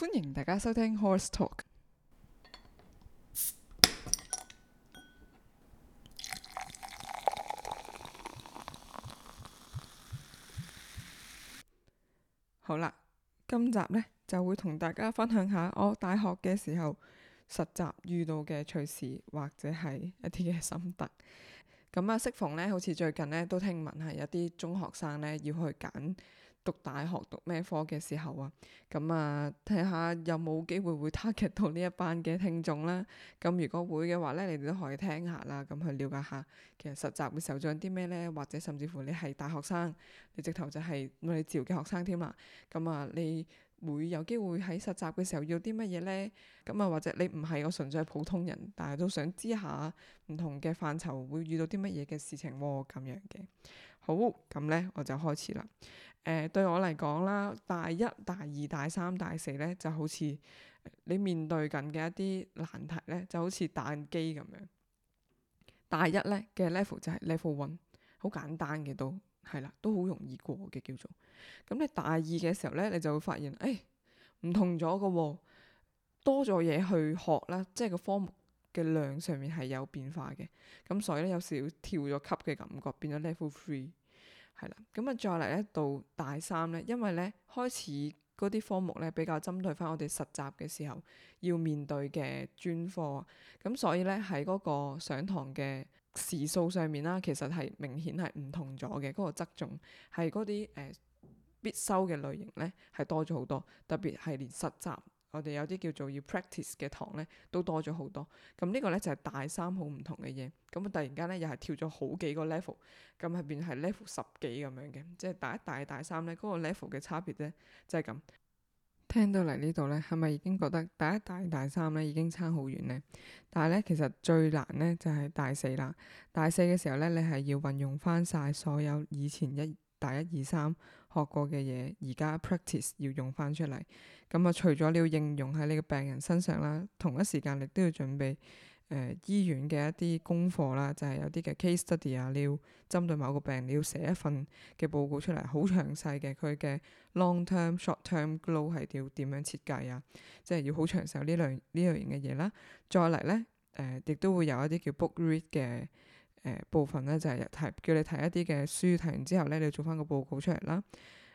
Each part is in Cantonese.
歡迎大家收聽《Horis Talk》。好啦，今集呢就會同大家分享下我大學嘅時候實習遇到嘅趣事，或者係一啲嘅心得。咁啊，適逢呢，好似最近呢都聽聞係有啲中學生呢要去揀。讀大學讀咩科嘅時候啊，咁啊睇下有冇機會會 target 到呢一班嘅聽眾啦。咁如果會嘅話咧，你哋都可以聽下啦，咁去了解下。其實實習嘅時候仲有啲咩咧，或者甚至乎你係大學生，你直頭就係我哋自嘅學生添啊。咁、嗯、啊，你會有機會喺實習嘅時候要啲乜嘢咧？咁啊，或者你唔係個純粹係普通人，但係都想知下唔同嘅範疇會遇到啲乜嘢嘅事情喎，咁樣嘅。好，咁咧我就開始啦。誒、呃，對我嚟講啦，大一、大二、大三、大四咧，就好似你面對緊嘅一啲難題咧，就好似打機咁樣。大一咧嘅 level 就係 level one，好簡單嘅都係啦，都好容易過嘅叫做。咁你大二嘅時候咧，你就會發現，誒、哎，唔同咗噶、喎，多咗嘢去學啦，即係個科目嘅量上面係有變化嘅。咁所以咧，有少少跳咗級嘅感覺，變咗 level three。係啦，咁啊再嚟咧到大三咧，因為咧開始嗰啲科目咧比較針對翻我哋實習嘅時候要面對嘅專科啊。咁所以咧喺嗰個上堂嘅時數上面啦，其實係明顯係唔同咗嘅，嗰個側重係嗰啲誒，必修嘅類型咧係多咗好多，特別係連實習。我哋有啲叫做要 practice 嘅堂咧，都多咗好多。咁呢個咧就係大三好唔同嘅嘢。咁啊，突然間咧又係跳咗好幾個 level。咁係變成 level 十幾咁樣嘅，即係大一大一大一大三咧，嗰個 level 嘅差別咧即係咁。聽到嚟呢度咧，係咪已經覺得大一大一大一大三咧已經差好遠咧？但係咧，其實最難咧就係大四啦。大四嘅時候咧，你係要運用返晒所有以前一大一二三，學過嘅嘢而家 practice 要用翻出嚟，咁啊除咗你要應用喺你嘅病人身上啦，同一時間你都要準備誒醫院嘅一啲功課啦，就係、是、有啲嘅 case study 啊，你要針對某個病人你要寫一份嘅報告出嚟，好詳細嘅佢嘅 long term short、short term goal 係要點樣設計啊，即、就、係、是、要好詳細呢類呢類型嘅嘢啦。再嚟咧誒，亦、呃、都會有一啲叫 book read 嘅。呃、部分咧就係、是、睇叫你睇一啲嘅書，睇完之後咧你要做翻個報告出嚟啦。誒、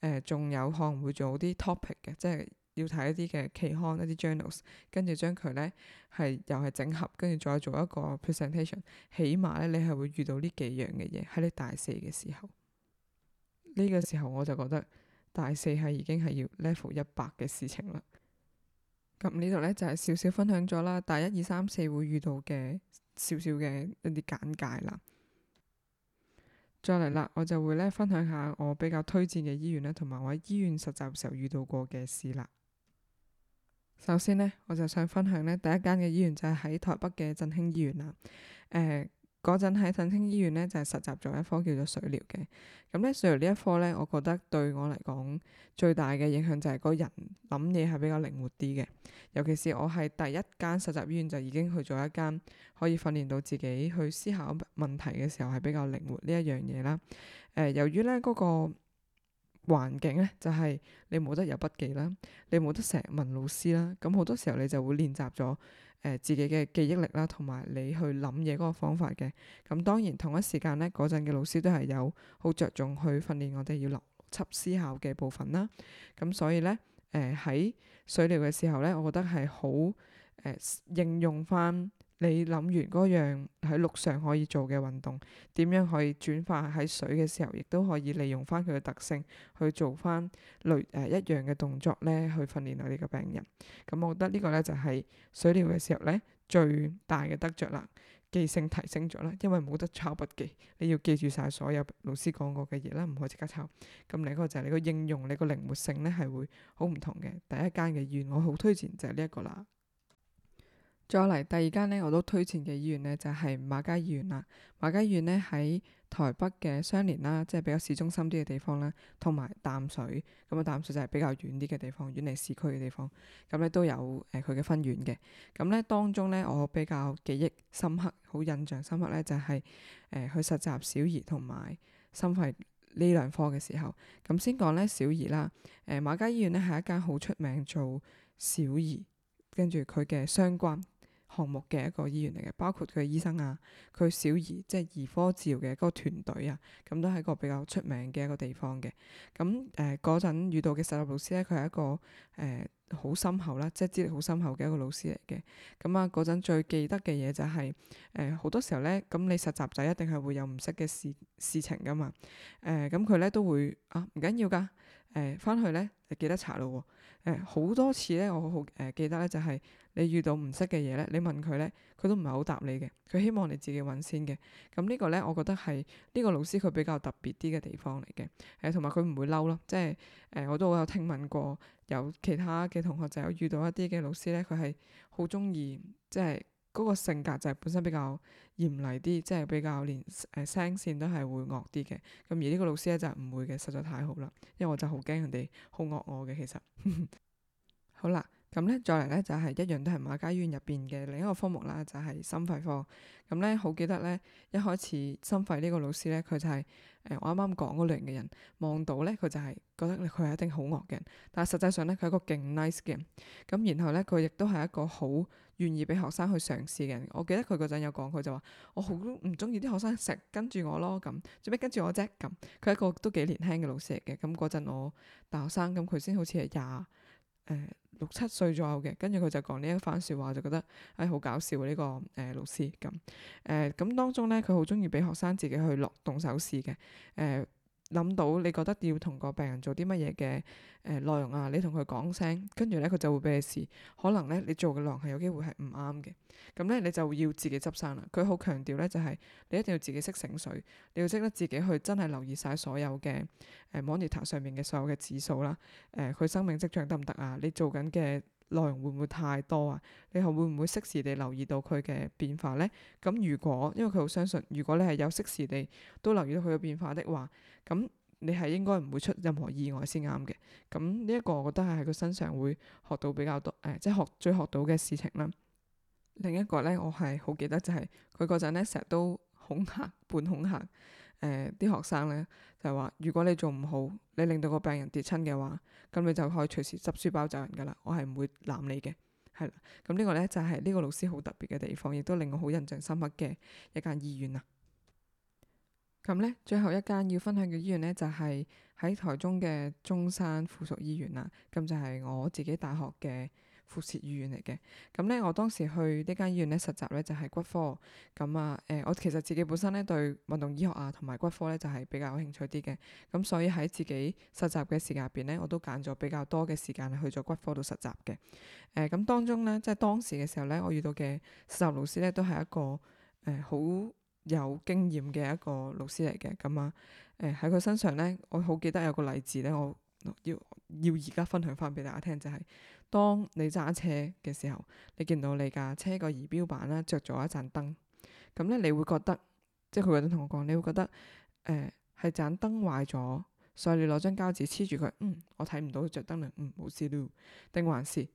呃，仲有可能會做啲 topic 嘅，即係要睇一啲嘅期刊一啲 journals，跟住將佢咧係又係整合，跟住再做一個 presentation。起碼咧你係會遇到呢幾樣嘅嘢喺你大四嘅時候呢、呢個時候我就覺得大四係已經係要 level 一百嘅事情啦。咁呢度咧就係、是、少少分享咗啦，大一二三四會遇到嘅。少少嘅一啲簡介啦，再嚟啦，我就會呢分享下我比較推薦嘅醫院呢，同埋我喺醫院實習時候遇到過嘅事啦。首先呢，我就想分享呢第一間嘅醫院就係喺台北嘅振興醫院啦。誒、呃。嗰陣喺振興醫院呢，就係、是、實習咗一科叫做水療嘅。咁呢，水療呢一科呢，我覺得對我嚟講最大嘅影響就係個人諗嘢係比較靈活啲嘅。尤其是我係第一間實習醫院就已經去咗一間可以訓練到自己去思考問題嘅時候係比較靈活呢一樣嘢啦。誒、呃，由於呢嗰、那個環境咧就係你冇得有筆記啦，你冇得成日問老師啦，咁好多時候你就會練習咗誒、呃、自己嘅記憶力啦，同埋你去諗嘢嗰個方法嘅。咁當然同一時間咧，嗰陣嘅老師都係有好着重去訓練我哋要邏輯思考嘅部分啦。咁所以咧，誒喺水療嘅時候咧，我覺得係好誒應用翻。你諗完嗰樣喺陸上可以做嘅運動，點樣可以轉化喺水嘅時候，亦都可以利用翻佢嘅特性，去做翻類誒、呃、一樣嘅動作咧，去訓練我哋嘅病人。咁我覺得個呢個咧就係、是，水療嘅時候咧最大嘅得着啦，記性提升咗啦，因為冇得抄筆記，你要記住晒所有老師講過嘅嘢啦，唔可以即刻抄。咁另一個就係你個應用，你個靈活性咧係會好唔同嘅。第一間嘅醫院我好推薦就係呢一個啦。再嚟第二間咧，我都推薦嘅醫院咧就係馬偕醫院啦。馬偕醫院咧喺台北嘅雙連啦，即係比較市中心啲嘅地方啦，同埋淡水，咁啊淡水就係比較遠啲嘅地方，遠離市區嘅地方。咁咧都有誒佢嘅分院嘅。咁咧當中咧我比較記憶深刻、好印象深刻咧就係、是、誒去實習小兒同埋心肺呢兩科嘅時候。咁先講咧小兒啦。誒馬偕醫院咧係一間好出名做小兒，跟住佢嘅相關。項目嘅一個醫院嚟嘅，包括佢醫生啊，佢小兒即係兒科治療嘅嗰個團隊啊，咁都係一個比較出名嘅一個地方嘅。咁誒嗰陣遇到嘅實習老師咧，佢係一個誒好、呃、深厚啦，即係資歷好深厚嘅一個老師嚟嘅。咁啊嗰陣最記得嘅嘢就係誒好多時候咧，咁你實習就一定係會有唔識嘅事事情㗎嘛。誒咁佢咧都會啊唔緊要㗎，誒返、呃、去咧就記得查咯喎、啊。誒好多次咧，我好誒記得咧，就係你遇到唔識嘅嘢咧，你問佢咧，佢都唔係好答你嘅，佢希望你自己揾先嘅。咁呢個咧，我覺得係呢個老師佢比較特別啲嘅地方嚟嘅。誒同埋佢唔會嬲咯，即係誒我都好有聽聞過，有其他嘅同學就有遇到一啲嘅老師咧，佢係好中意即係，就是嗰個性格就係本身比較嚴厲啲，即係比較連誒聲線都係會惡啲嘅。咁而呢個老師咧就唔會嘅，實在太好啦。因為我就好驚人哋好惡我嘅，其實。 好啦，咁咧再嚟咧就係一樣都係馬嘉醫院入邊嘅另一個科目啦，就係心肺科。咁咧好記得咧，一開始心肺呢個老師咧，佢就係誒，呃，我啱啱講嗰類嘅人，望到咧佢就係覺得佢係一定好惡嘅人。但係實際上咧，佢係一個勁 nice 嘅人。咁然後咧，佢亦都係一個好，願意俾學生去嘗試嘅，我記得佢嗰陣有講，佢就話我好唔中意啲學生成日跟住我咯，咁做咩跟住我啫？咁佢係一個都幾年輕嘅老師嚟嘅，咁嗰陣我大學生，咁佢先好似係廿誒六七歲左右嘅，跟住佢就講呢一番説話，就覺得誒好，哎，搞笑呢，呢個誒，呃、老師咁誒、咁、呃、當中咧佢好中意俾學生自己去落動手試嘅誒。呃諗到你覺得要同個病人做啲乜嘢嘅誒內容啊，你同佢講聲，跟住咧佢就會俾你試。可能咧你做嘅內容係有機會係唔啱嘅，咁咧你就要自己執生啦。佢好強調咧就係、是、你一定要自己識醒水，你要識得自己去真係留意晒所有嘅誒、呃、monitor 上面嘅所有嘅指數啦，誒、呃、佢生命跡象得唔得啊？你做緊嘅。內容會唔會太多啊？你係會唔會適時地留意到佢嘅變化咧？咁如果因為佢好相信，如果你係有適時地都留意到佢嘅變化的話，咁你係應該唔會出任何意外先啱嘅。咁呢一個我覺得係喺佢身上會學到比較多誒、呃，即係學最學到嘅事情啦。另一個咧，我係好記得就係佢嗰陣咧成日都恐嚇半恐嚇。誒，啲、呃、學生咧就係話，如果你做唔好，你令到個病人跌親嘅話，咁你就可以隨時執書包走人噶啦，我係唔會攬你嘅，係啦。咁、這個、呢個咧就係、是、呢個老師好特別嘅地方，亦都令我好印象深刻嘅一間醫院啦。咁咧，最後一間要分享嘅醫院咧就係、是、喺台中嘅中山附屬醫院啦，咁就係我自己大學嘅。附設醫院嚟嘅，咁咧，我當時去呢間醫院咧實習咧就係骨科咁啊。誒、呃，我其實自己本身咧對運動醫學啊同埋骨科咧就係比較有興趣啲嘅，咁所以喺自己實習嘅時間入邊咧，我都揀咗比較多嘅時間去咗骨科度實習嘅。誒、呃，咁當中咧，即係當時嘅時候咧，我遇到嘅實習老師咧都係一個誒好、呃、有經驗嘅一個老師嚟嘅。咁啊，誒喺佢身上咧，我好記得有個例子咧，我要要而家分享翻俾大家聽，就係。當你揸車嘅時候，你見到你架車個儀表板啦，著咗一盞燈，咁咧你會覺得，即係佢嗰陣同我講，你會覺得誒係、呃、盞燈壞咗，所以你攞張膠紙黐住佢，嗯，我睇唔到佢着燈啦，嗯，冇事咯，定還是？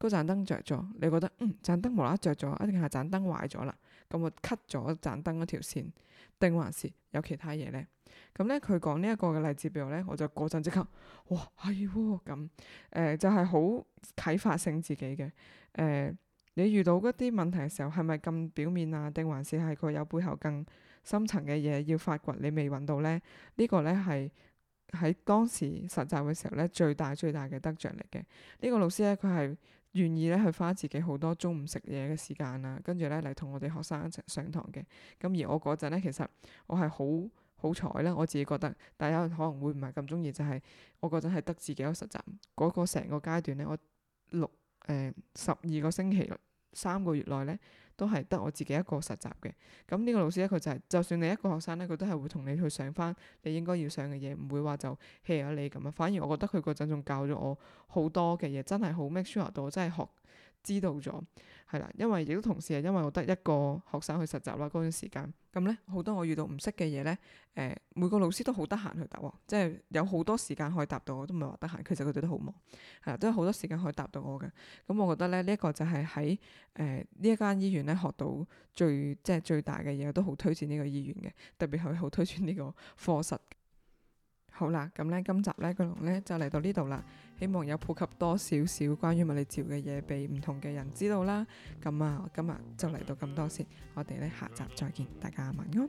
嗰盞燈着咗，你覺得嗯，盞燈無啦着咗，一定係盞燈壞咗啦。咁我 cut 咗盞燈嗰條線，定還是有其他嘢呢？咁咧佢講呢一個嘅例子，畀我咧，我就嗰陣即刻哇，係喎咁，誒，就係好啟發性自己嘅誒、呃。你遇到嗰啲問題嘅時候，係咪咁表面啊？定還是係佢有背後更深層嘅嘢要發掘，你未揾到咧？這個、呢個咧係喺當時實習嘅時候咧最大最大嘅得着力嘅呢、這個老師咧，佢係。願意咧去花自己好多中午食嘢嘅時間啊，跟住咧嚟同我哋學生一齊上堂嘅。咁而我嗰陣咧，其實我係好好彩啦，我自己覺得。大家可能會唔係咁中意，就係我嗰陣係得自己一個實習。嗰個成個階段咧，我六誒十二個星期，三個月內咧。都係得我自己一個實習嘅，咁呢個老師咧，佢就係、是、就算你一個學生咧，佢都係會同你去上翻你應該要上嘅嘢，唔會話就 hea 咗你咁啊，反而我覺得佢嗰陣仲教咗我好多嘅嘢，真係好 make sure 到我真係學。知道咗，係啦，因為亦都同時係因為我得一個學生去實習啦，嗰段時間，咁咧好多我遇到唔識嘅嘢咧，誒、呃、每個老師都好得閒去答喎，即係有好多時間可以答，可以答、這個呃、到，我都唔係話得閒，其實佢哋都好忙，係啦，都有好多時間可以答到我嘅，咁我覺得咧呢一個就係喺誒呢一間醫院咧學到最即係最大嘅嘢，都好推薦呢個醫院嘅，特別係好推薦呢個課室。好啦，咁咧今集咧，巨龍咧就嚟到呢度啦，希望有普及多少少關於物理治療嘅嘢俾唔同嘅人知道啦。咁啊，今日就嚟到咁多先，我哋咧下集再見，大家晚安。